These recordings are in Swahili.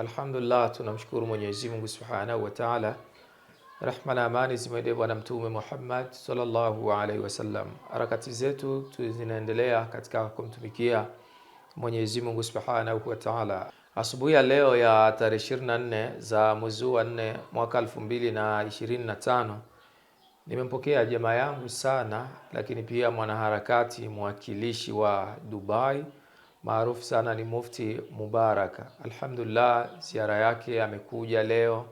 Alhamdulillah, tunamshukuru Mwenyezi Mungu Subhanahu wa Ta'ala, rahma na amani zimwendee Bwana Mtume Muhammad sallallahu alaihi wasallam. Harakati zetu zinaendelea katika kumtumikia Mwenyezi Mungu Subhanahu wa Ta'ala. Asubuhi ya leo ya tarehe 24 za mwezi wa 4 mwaka 2025 nimempokea jamaa yangu sana, lakini pia mwanaharakati mwakilishi wa Dubai maarufu sana ni Mufti Mubaraka. Alhamdulillah, ziara yake amekuja leo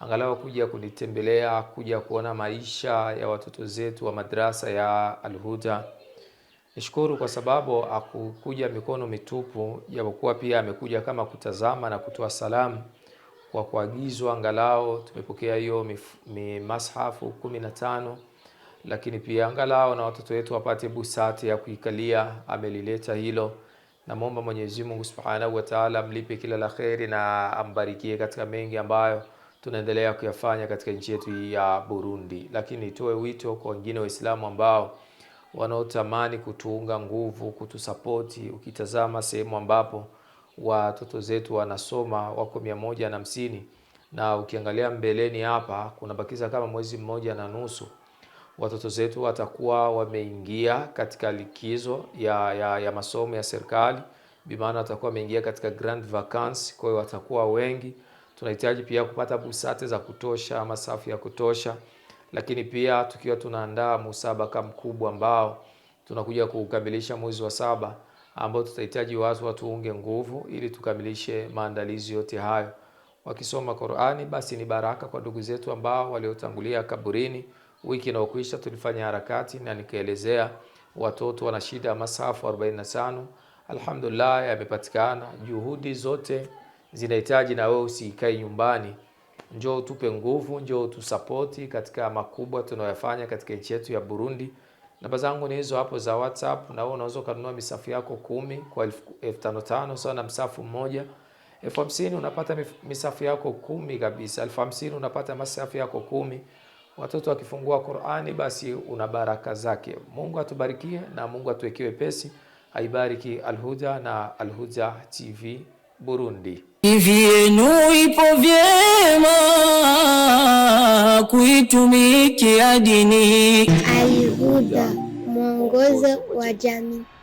angalau kuja kunitembelea, kuja kuona maisha ya watoto zetu wa madrasa ya Alhuda. Nishukuru kwa sababu akukuja mikono mitupu, japokuwa pia amekuja kama kutazama na kutoa salamu kwa kuagizwa. Angalau tumepokea hiyo mimashafu kumi na tano, lakini pia angalau na watoto wetu wapate busati ya kuikalia, amelileta hilo. Namwomba Mwenyezi Mungu Subhanahu wa Ta'ala mlipe kila la kheri na ambarikie katika mengi ambayo tunaendelea kuyafanya katika nchi yetu ya Burundi. Lakini nitoe wito kwa wengine Waislamu ambao wanaotamani kutuunga nguvu, kutusapoti. Ukitazama sehemu ambapo watoto zetu wanasoma wako mia moja na hamsini na ukiangalia mbeleni hapa kunabakiza kama mwezi mmoja na nusu watoto zetu watakuwa wameingia katika likizo ya, ya, ya masomo ya serikali, bimaana watakuwa wameingia katika grand vacancy. Kwa hiyo watakuwa wengi. Tunahitaji pia kupata busate za kutosha, masafu ya kutosha, lakini pia tukiwa tunaandaa musabaka mkubwa ambao tunakuja kukamilisha mwezi wa saba, ambao tutahitaji watu watuunge nguvu ili tukamilishe maandalizi yote hayo. Wakisoma Qur'ani, basi ni baraka kwa ndugu zetu ambao waliotangulia kaburini. Wiki inayokuisha tulifanya harakati na nikaelezea watoto wana shida ya masafu 45. Alhamdulillah, yamepatikana. Juhudi zote zinahitaji, na wewe usikae nyumbani, njoo tupe nguvu, njoo tusapoti katika makubwa tunayoyafanya katika nchi yetu ya Burundi. Namba zangu ni hizo hapo za WhatsApp, na wewe unaweza ukanunua misafu yako kumi kwa elfu tano tano sawa na msafu mmoja. Elfu hamsini unapata misafu yako kumi kabisa. Elfu hamsini unapata masafu yako kumi watoto wakifungua Qur'ani, basi una baraka zake. Mungu atubarikie na Mungu atuwekee pesi, aibariki Alhuda na Alhuda TV Burundi. TV yenu ipo vyema kuitumikia dini. Alhuda, mwongozo wa jamii.